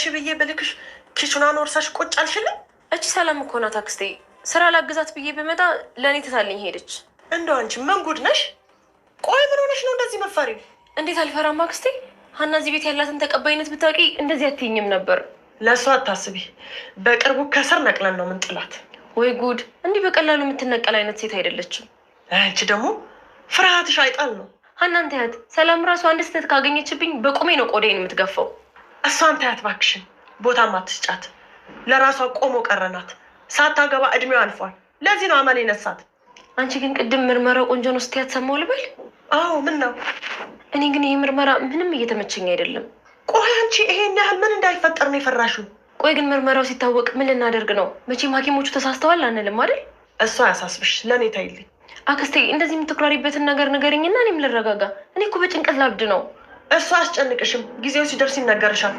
እሺ ብዬ በልክሽ ኪቹናን ወርሳሽ ቁጭ አልሽልም። እቺ ሰላም እኮ ናት አክስቴ። ስራ ላግዛት ብዬ በመጣ ለእኔ ትታልኝ ሄደች። እንደው አንቺ ምን ጉድ ነሽ? ቆይ ምን ሆነሽ ነው እንደዚህ መፈሪ? እንዴት አልፈራም አክስቴ። ሀና እዚህ ቤት ያላትን ተቀባይነት ብታውቂ እንደዚህ አትይኝም ነበር። ለእሷ አታስቢ። በቅርቡ ከስር ነቅለን ነው ምን ጥላት። ወይ ጉድ! እንዲህ በቀላሉ የምትነቀል አይነት ሴት አይደለችም። አንቺ ደግሞ ፍርሃትሽ አይጣል ነው። ሀናን ያት ሰላም ራሱ አንድ ስህተት ካገኘችብኝ በቁሜ ነው ቆዳዬን የምትገፋው። እሷን ታያት ባክሽን፣ ቦታም አትስጫት። ለራሷ ቆሞ ቀረናት። ሳታገባ እድሜው አልፏል። ለዚህ ነው አመል የነሳት። አንቺ ግን ቅድም ምርመራው ቆንጆ ነው ስትያት ሰማሁ ልበል? አዎ። ምን ነው? እኔ ግን ይህ ምርመራ ምንም እየተመቸኝ አይደለም። ቆይ አንቺ ይሄን ያህል ምን እንዳይፈጠር ነው የፈራሽው? ቆይ ግን ምርመራው ሲታወቅ ምን ልናደርግ ነው? መቼም ሐኪሞቹ ተሳስተዋል አንልም አይደል? እሷ ያሳስብሽ፣ ለእኔ ታይልኝ። አክስቴ እንደዚህ የምትኩራሪበትን ነገር ነገርኝና እኔም ልረጋጋ። እኔ እኮ በጭንቀት ላብድ ነው እሱ አስጨንቅሽም! ጊዜው ሲደርስ ይነገርሻል።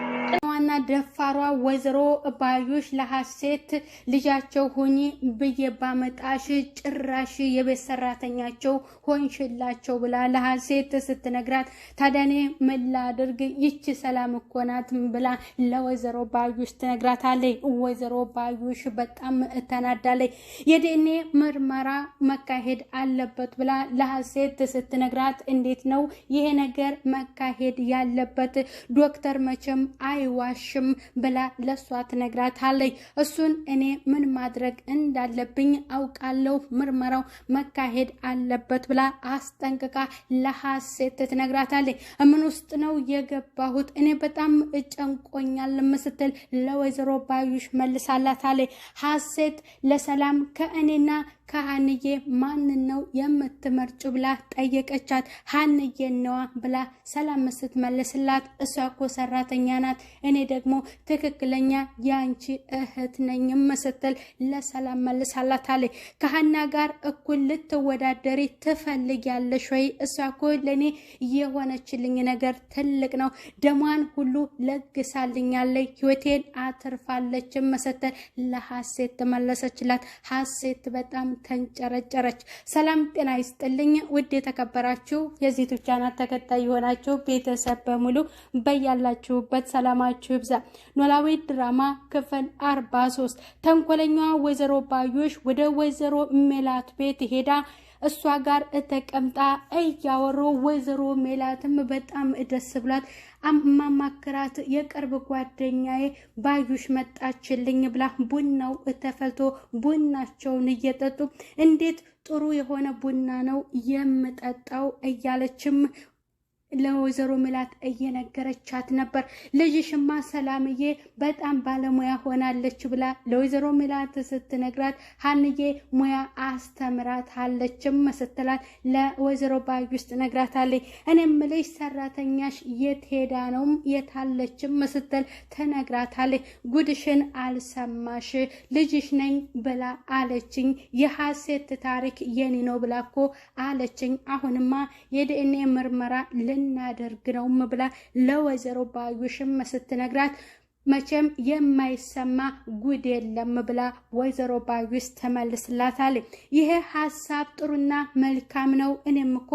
ጀግናዋና ደፋሯ ወይዘሮ ባዩሽ ለሀሴት ልጃቸው ሆኚ ብዬ ባመጣሽ ጭራሽ የቤት ሰራተኛቸው ሆንሽላቸው ብላ ለሀሴት ስትነግራት ታዲያ እኔ ምን ላድርግ ይቺ ሰላም እኮ ናት ብላ ለወይዘሮ ባዩሽ ትነግራታለች። ወይዘሮ ባዩሽ በጣም ተናዳለች። የዲኤንኤ ምርመራ መካሄድ አለበት ብላ ለሀሴት ስትነግራት እንዴት ነው ይሄ ነገር መካሄድ ያለበት ዶክተር መቼም አይዋ አልዋሽም ብላ ለሷ ትነግራታለች። እሱን እኔ ምን ማድረግ እንዳለብኝ አውቃለሁ፣ ምርመራው መካሄድ አለበት ብላ አስጠንቅቃ ለሀሴት ትነግራታለች። ምን ውስጥ ነው የገባሁት እኔ በጣም እጨንቆኛል ስትል ለወይዘሮ ባዩሽ መልሳላታለች። ሀሴት ለሰላም ከእኔና ከሀንዬ ማንን ነው የምትመርጩ ብላ ጠየቀቻት። ሀንዬ ነዋ ብላ ሰላም ስትመልስላት እሷ እኮ ሰራተኛ ናት እኔ ደግሞ ትክክለኛ የአንቺ እህት ነኝም ስትል ለሰላም መልሳላት አለ። ከሀና ጋር እኩል ልትወዳደሪ ትፈልጊያለሽ ወይ? እሷ እኮ ለእኔ የሆነችልኝ ነገር ትልቅ ነው። ደሟን ሁሉ ለግሳልኛለች፣ ህይወቴን አትርፋለች ስትል ለሀሴት ትመለሰችላት። ሀሴት በጣም ተንጨረጨረች። ሰላም ጤና ይስጥልኝ ውድ የተከበራችሁ የዚህ ቻናል ተከታይ የሆናችሁ ቤተሰብ በሙሉ በያላችሁበት ሰላማችሁ ሰላማችሁ ይብዛ። ኖላዊ ድራማ ክፍል 43 ተንኮለኛዋ ወይዘሮ ባዮሽ ወደ ወይዘሮ ሜላት ቤት ሄዳ እሷ ጋር ተቀምጣ እያወሩ ወይዘሮ ሜላትም በጣም ደስ ብሏት አማማክራት የቅርብ ጓደኛዬ ባዩሽ መጣችልኝ ብላ ቡናው ተፈልቶ ቡናቸውን እየጠጡ እንዴት ጥሩ የሆነ ቡና ነው የምጠጣው እያለችም ለወይዘሮ ምላት እየነገረቻት ነበር። ልጅሽማ ሰላምዬ በጣም ባለሙያ ሆናለች ብላ ለወይዘሮ ምላት ስትነግራት ሀንዬ ሙያ አስተምራት አለችም ስትላት ለወይዘሮ ባዩ ባዩስጥ ነግራታለች። እኔ የምልሽ ሰራተኛሽ የት ሄዳ ነው የታለችም ስትል ትነግራታለች። ጉድሽን አልሰማሽ ልጅሽ ነኝ ብላ አለችኝ። የሀሴት ታሪክ የኔ ነው ብላ እኮ አለችኝ። አሁንማ የዲኤንኤ ምርመራ ልን ልናደርግ ነውም ብላ ለወይዘሮ ባዩሽም ስትነግራት መቼም የማይሰማ ጉድ የለም ብላ ወይዘሮ ባዩስ ተመልስላታል። ይሄ ሀሳብ ጥሩና መልካም ነው። እኔም እኮ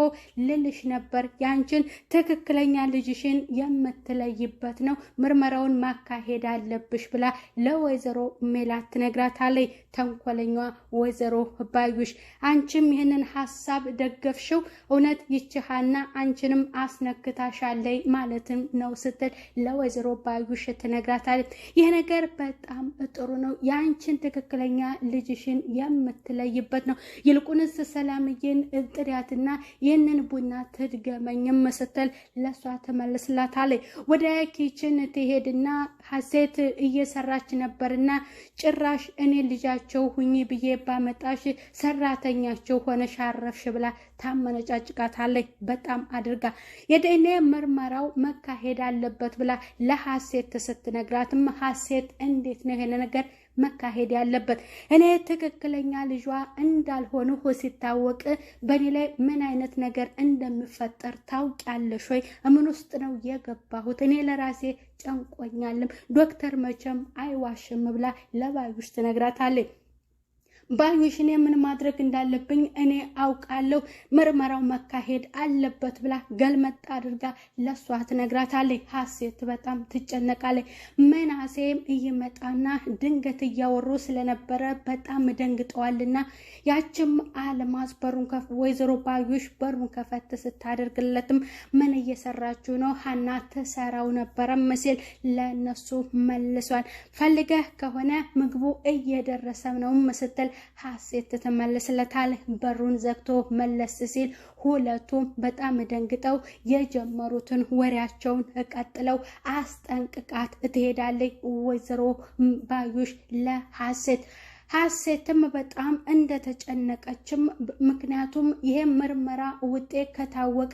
ልልሽ ነበር ያንችን ትክክለኛ ልጅሽን የምትለይበት ነው ምርመራውን ማካሄድ አለብሽ ብላ ለወይዘሮ ሜላት ትነግራታለች። ተንኮለኛ ወይዘሮ ባዩሽ አንቺም ይህንን ሀሳብ ደገፍሽው፣ እውነት ይችሃና አንቺንም አስነክታሻለይ ማለትም ነው ስትል ለወይዘሮ ባዩሽ ትነግራ ይላታል። ይህ ነገር በጣም ጥሩ ነው፣ ያንቺን ትክክለኛ ልጅሽን የምትለይበት ነው። ይልቁንስ ሰላምዬን እጥሪያትና ይህንን ቡና ትድገመኝም ስትል ለሷ ትመልስላታለች። ወደ ኪችን ትሄድና ሀሴት እየሰራች ነበርና ጭራሽ እኔ ልጃቸው ሁኚ ብዬ ባመጣሽ ሰራተኛቸው ሆነሽ አረፍሽ ብላ ታመነጫጭቃታለች። በጣም አድርጋ የዲኤንኤ ምርመራው መካሄድ አለበት ብላ ለሀሴት ስትነግር ቢነግራትም ሀሴት እንዴት ነው ይሄን ነገር መካሄድ ያለበት? እኔ ትክክለኛ ልጇ እንዳልሆንሁ ሲታወቅ በእኔ ላይ ምን አይነት ነገር እንደሚፈጠር ታውቂያለሽ ወይ? ምን ውስጥ ነው የገባሁት? እኔ ለራሴ ጨንቆኛልም። ዶክተር መቼም አይዋሽም ብላ ለባዩሽ ትነግራታለች። ባዩሽን ምን ማድረግ እንዳለብኝ እኔ አውቃለሁ፣ ምርመራው መካሄድ አለበት ብላ ገልመጥ አድርጋ ለሷ ትነግራታለች። ሀሴት በጣም ትጨነቃለች። መናሴም እይመጣና ድንገት እያወሩ ስለነበረ በጣም ደንግጠዋልና ያችም አልማዝ በሩን ወይዘሮ ባዩሽ በሩን ከፈት ስታደርግለትም ምን እየሰራችሁ ነው? ሀና ትሰራው ነበረ ሲል ለነሱ መልሷል። ፈልገህ ከሆነ ምግቡ እየደረሰ ነው ምስትል ሀሴት ትመልስለታል። በሩን ዘግቶ መለስ ሲል ሁለቱም በጣም ደንግጠው የጀመሩትን ወሬያቸውን ቀጥለው አስጠንቅቃት ትሄዳለች። ወይዘሮ ባዩሽ ለሀሴት ሀሴትም በጣም እንደተጨነቀችም ምክንያቱም ይሄ ምርመራ ውጤት ከታወቀ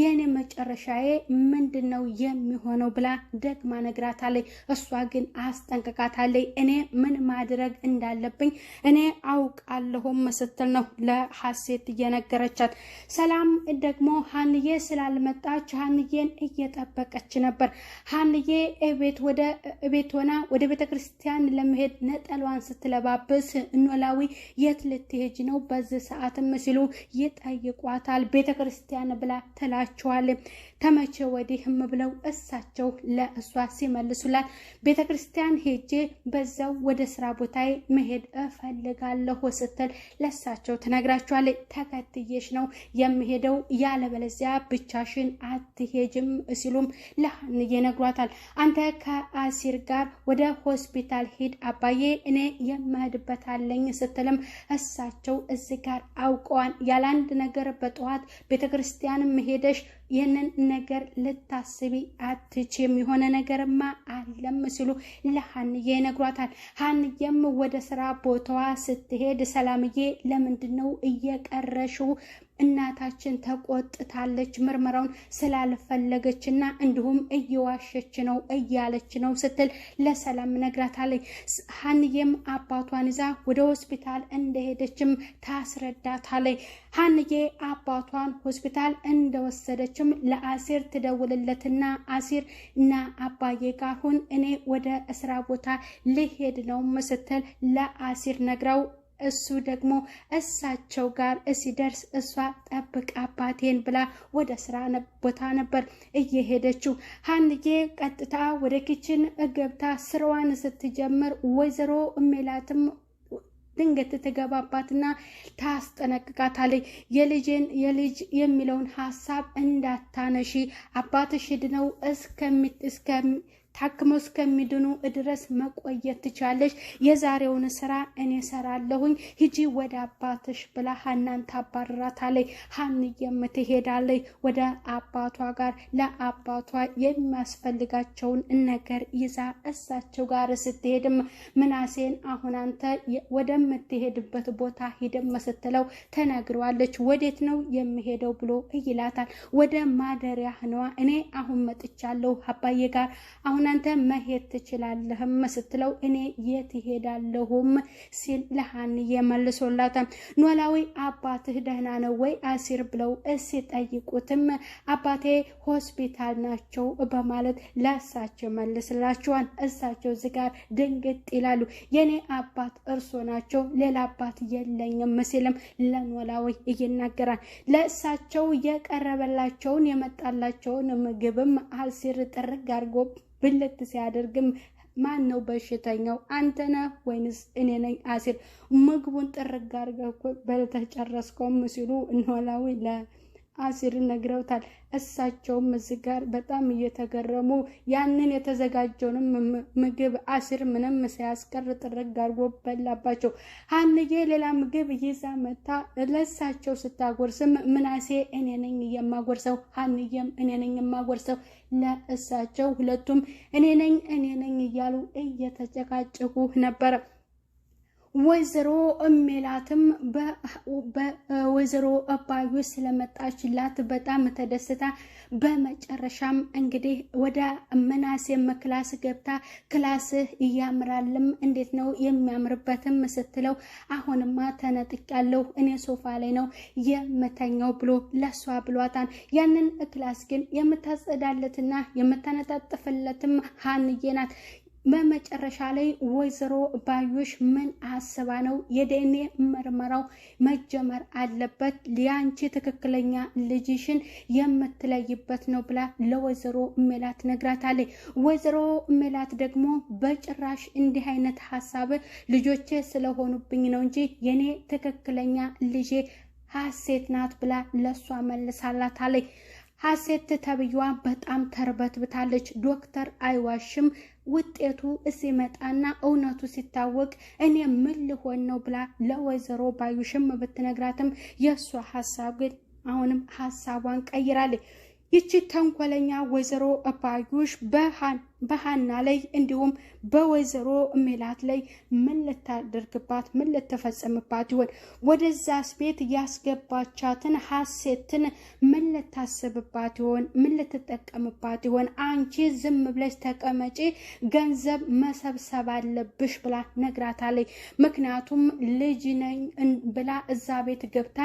የኔ መጨረሻዬ ምንድን ነው የሚሆነው ብላ ደግማ ነግራታለች። እሷ ግን አስጠንቅቃታለች። እኔ ምን ማድረግ እንዳለብኝ እኔ አውቃለሁም ስትል ነው ለሀሴት እየነገረቻት። ሰላም ደግሞ ሀንዬ ስላልመጣች ሀንዬን እየጠበቀች ነበር። ሀንዬ ቤት ወደ ቤት ሆና ወደ ቤተ ክርስቲያን ለመሄድ ነጠሏን ስትለባ ስትታበስ ኖላዊ የት ልትሄጅ ነው በዚህ ሰዓትም ሲሉ ይጠይቋታል። ቤተ ክርስቲያን ብላ ትላቸዋል። ተመቼ ወዲህም ብለው እሳቸው ለእሷ ሲመልሱላት ቤተ ክርስቲያን ሄጄ በዛው ወደ ስራ ቦታዬ መሄድ እፈልጋለሁ ስትል ለእሳቸው ትነግራቸዋለች። ተከትዬሽ ነው የምሄደው ያለበለዚያ ብቻሽን አትሄጅም ሲሉም ለሀንዬ ይነግሯታል። አንተ ከአሲር ጋር ወደ ሆስፒታል ሂድ አባዬ እኔ የምሄድ እፈርድበታለኝ ስትልም እሳቸው እዚህ ጋር አውቀዋል። ያለ አንድ ነገር በጠዋት ቤተ ክርስቲያንም ሄደሽ ይህንን ነገር ልታስቢ አትችም፣ የሆነ ነገርማ አለም ሲሉ ለሀንዬ ይነግሯታል። ሀንዬም ወደ ስራ ቦታዋ ስትሄድ ሰላምዬ ለምንድን ነው እየቀረሽው እናታችን ተቆጥታለች፣ ምርመራውን ስላልፈለገች እና እንዲሁም እየዋሸች ነው እያለች ነው ስትል ለሰላም ነግራታለች። ሀንዬም አባቷን ይዛ ወደ ሆስፒታል እንደሄደችም ታስረዳታለች። ሀንዬ አባቷን ሆስፒታል እንደወሰደችም ለአሲር ትደውልለትና አሲር እና አባዬ ጋር ሁን እኔ ወደ እስራ ቦታ ልሄድ ነው ስትል ለአሲር ነግረው። እሱ ደግሞ እሳቸው ጋር ሲደርስ እሷ ጠብቅ አባቴን ብላ ወደ ስራ ቦታ ነበር እየሄደችው። ሀንዬ ቀጥታ ወደ ኪችን ገብታ ስራዋን ስትጀምር ወይዘሮ ሜላትም ድንገት ትገባባትና ታስጠነቅቃታለች። የልጅን የልጅ የሚለውን ሀሳብ እንዳታነሺ አባትሽ ድነው እስከሚ ታክመው እስከሚድኑ ድረስ መቆየት ትቻለሽ። የዛሬውን ስራ እኔ ሰራለሁኝ፣ ሂጂ ወደ አባትሽ ብላ ሀናን ታባርራታለች። ሀን የምትሄዳለች ወደ አባቷ ጋር ለአባቷ የሚያስፈልጋቸውን ነገር ይዛ እሳቸው ጋር ስትሄድም ምናሴን አሁን አንተ ወደምትሄድበት ቦታ ሂድም ስትለው ተነግሯለች። ወዴት ነው የምሄደው ብሎ ይላታል። ወደ ማደሪያ ነዋ እኔ አሁን መጥቻለሁ አባዬ ጋር አሁን እናንተ መሄድ ትችላለህም ስትለው እኔ የት ይሄዳለሁም ሲል ለሀንዬ መልሶላታል። ኖላዊ አባትህ ደህና ነው ወይ አሲር ብለው ሲጠይቁትም አባቴ ሆስፒታል ናቸው በማለት ለእሳቸው መልስላቸዋል። እሳቸው እዚህ ጋር ድንግጥ ይላሉ። የኔ አባት እርሶ ናቸው፣ ሌላ አባት የለኝም ሲልም ለኖላዊ ይናገራል። ለእሳቸው የቀረበላቸውን የመጣላቸውን ምግብም አሲር ጥርግ አድርጎ ብለት ሲያደርግም ማን ነው በሽተኛው? አንተ ነህ ወይንስ እኔ ነኝ? አሲር ምግቡን ጥርግ አድርገህ በልተህ ጨረስከውም ሲሉ ኖላዊ አሲር ነግረውታል። እሳቸውም እዚህ ጋር በጣም እየተገረሙ ያንን የተዘጋጀውን ምግብ አሲር ምንም ሳያስቀር ጥርግ አርጎ በላባቸው። ሀንዬ ሌላ ምግብ ይዛ መታ ለእሳቸው ስታጎርስም ምናሴ እኔ ነኝ የማጎርሰው፣ ሀንዬም እኔ ነኝ የማጎርሰው ለእሳቸው ሁለቱም እኔ ነኝ እኔ ነኝ እያሉ እየተጨቃጨቁ ነበረ። ወይዘሮ ሜላትም በወይዘሮ ባዩ ስለመጣችላት በጣም ተደስታ በመጨረሻም እንግዲህ ወደ ምናሴም ክላስ ገብታ ክላስህ እያምራልም እንዴት ነው የሚያምርበትም ስትለው አሁንማ ያለው እኔ ሶፋ ላይ ነው የምተኛው ብሎ ለሷ ብሏታን ያንን ክላስ ግን የምታጸዳለትና የምታነጣጥፍለትም ሀንዬ ናት። በመጨረሻ ላይ ወይዘሮ ባዩሽ ምን አስባ ነው የዲኤንኤ ምርመራው መጀመር አለበት ሊያንቺ ትክክለኛ ልጅሽን የምትለይበት ነው ብላ ለወይዘሮ ሜላት ነግራታለች። ወይዘሮ ሜላት ደግሞ በጭራሽ እንዲህ አይነት ሀሳብ ልጆቼ ስለሆኑብኝ ነው እንጂ የኔ ትክክለኛ ልጄ ሀሴት ናት ብላ ለእሷ መልሳላታለች። ሀሴት ተብዬዋ በጣም ተርበትብታለች። ዶክተር አይዋሽም። ውጤቱ ሲመጣና እውነቱ ሲታወቅ እኔ ምን ልሆን ነው ብላ ለወይዘሮ ባዩሽም ብትነግራትም የእሷ ሀሳብ ግን አሁንም ሀሳቧን ቀይራለች። ይቺ ተንኮለኛ ወይዘሮ ባዩሽ በሃን በሀና ላይ እንዲሁም በወይዘሮ ሜላት ላይ ምን ልታደርግባት ምን ልትፈጽምባት ይሆን? ወደዛስ ቤት ያስገባቻትን ሀሴትን ምን ልታስብባት ይሆን? ምን ልትጠቀምባት ይሆን? አንቺ ዝም ብለሽ ተቀመጪ፣ ገንዘብ መሰብሰብ አለብሽ ብላ ነግራታለች። ምክንያቱም ልጅ ነኝ ብላ እዛ ቤት ገብታ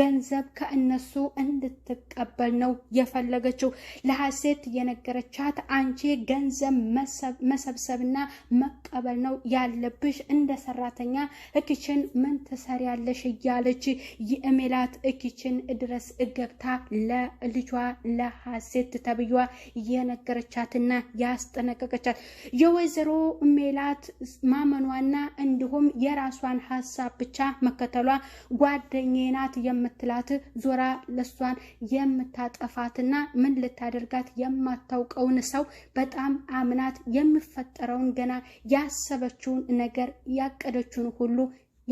ገንዘብ ከእነሱ እንድትቀበል ነው የፈለገችው። ለሀሴት የነገረቻት አንቺ ገንዘብ ገንዘብ መሰብሰብና መቀበል ነው ያለብሽ። እንደ ሰራተኛ እክችን ምን ትሰሪያለሽ እያለች የሜላት እክችን ድረስ እገብታ ለልጇ ለሀሴት ተብዬዋ የነገረቻትና ያስጠነቀቀቻት የወይዘሮ ሜላት ማመኗና እንዲሁም የራሷን ሀሳብ ብቻ መከተሏ ጓደኛ ናት የምትላት ዞራ ለሷን የምታጠፋትና ምን ልታደርጋት የማታውቀውን ሰው በጣም አምናት የሚፈጠረውን ገና ያሰበችውን ነገር ያቀደችውን ሁሉ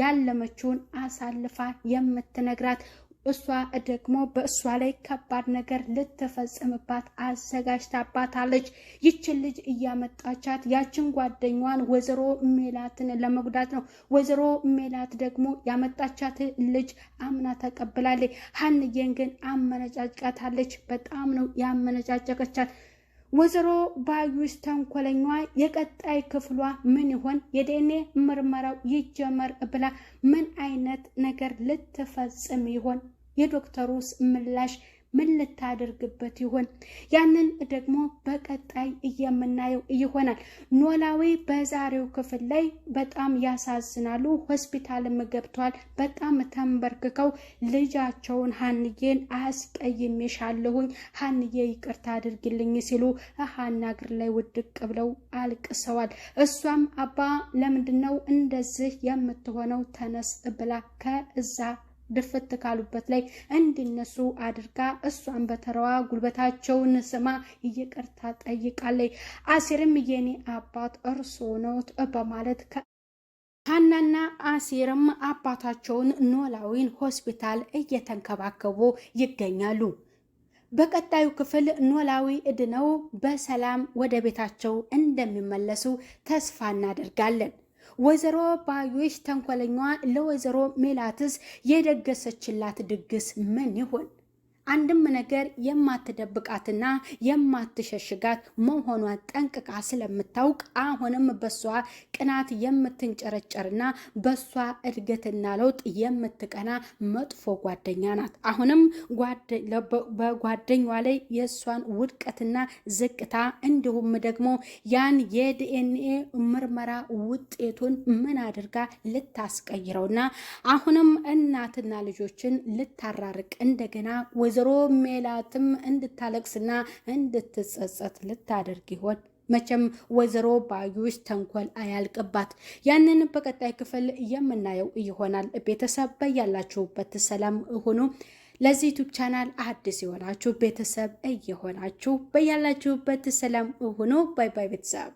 ያለመችውን አሳልፋ የምትነግራት እሷ ደግሞ በእሷ ላይ ከባድ ነገር ልትፈጽምባት አዘጋጅታባታለች። ይችን ልጅ እያመጣቻት ያችን ጓደኛዋን ወይዘሮ ሜላትን ለመጉዳት ነው። ወይዘሮ ሜላት ደግሞ ያመጣቻት ልጅ አምና ተቀብላለች። ሀንዬን ግን አመነጫጭቃታለች። በጣም ነው ያመነጫጨቀቻት። ወይዘሮ ባዩሽ ተንኮለኛ የቀጣይ ክፍሏ ምን ይሆን? የዲኤንኤ ምርመራው ይጀመር ብላ ምን አይነት ነገር ልትፈጽም ይሆን? የዶክተሩስ ምላሽ ምን ልታደርግበት ይሆን? ያንን ደግሞ በቀጣይ የምናየው ይሆናል። ኖላዊ በዛሬው ክፍል ላይ በጣም ያሳዝናሉ። ሆስፒታልም ገብተዋል። በጣም ተንበርክከው ልጃቸውን ሀንዬን አስቀይሜሻለሁኝ፣ ሀንዬ ይቅርታ አድርግልኝ ሲሉ ሀና እግር ላይ ውድቅ ብለው አልቅሰዋል። እሷም አባ ለምንድን ነው እንደዚህ የምትሆነው? ተነስ ብላ ከእዛ ድፍት ካሉበት ላይ እንዲነሱ አድርጋ እሷን በተረዋ ጉልበታቸውን ስማ እየቀርታ ጠይቃለች። አሲርም የኔ አባት እርሶ ነዎት በማለት ሀናና አሲርም አባታቸውን ኖላዊን ሆስፒታል እየተንከባከቡ ይገኛሉ። በቀጣዩ ክፍል ኖላዊ እድነው በሰላም ወደ ቤታቸው እንደሚመለሱ ተስፋ እናደርጋለን። ወይዘሮ ባዩሽ ተንኮለኛዋ ለወይዘሮ ሜላትስ የደገሰችላት ድግስ ምን ይሆን? አንድም ነገር የማትደብቃትና የማትሸሽጋት መሆኗ ጠንቅቃ ስለምታውቅ አሁንም በሷ ቅናት የምትንጨረጨርና በሷ እድገትና ለውጥ የምትቀና መጥፎ ጓደኛ ናት። አሁንም በጓደኛዋ ላይ የእሷን ውድቀትና ዝቅታ እንዲሁም ደግሞ ያን የዲኤንኤ ምርመራ ውጤቱን ምን አድርጋ ልታስቀይረውና አሁንም እናትና ልጆችን ልታራርቅ እንደገና ወይዘሮ ሜላትም እንድታለቅስና እንድትጸጸት ልታደርግ ይሆን? መቼም ወይዘሮ ባዩሽ ተንኮል አያልቅባት። ያንን በቀጣይ ክፍል የምናየው ይሆናል። ቤተሰብ በያላችሁበት ሰላም ሁኑ። ለዚህ ዩቱብ ቻናል አዲስ የሆናችሁ ቤተሰብ እየሆናችሁ በያላችሁበት ሰላም ሁኑ። ባይ ባይ ቤተሰብ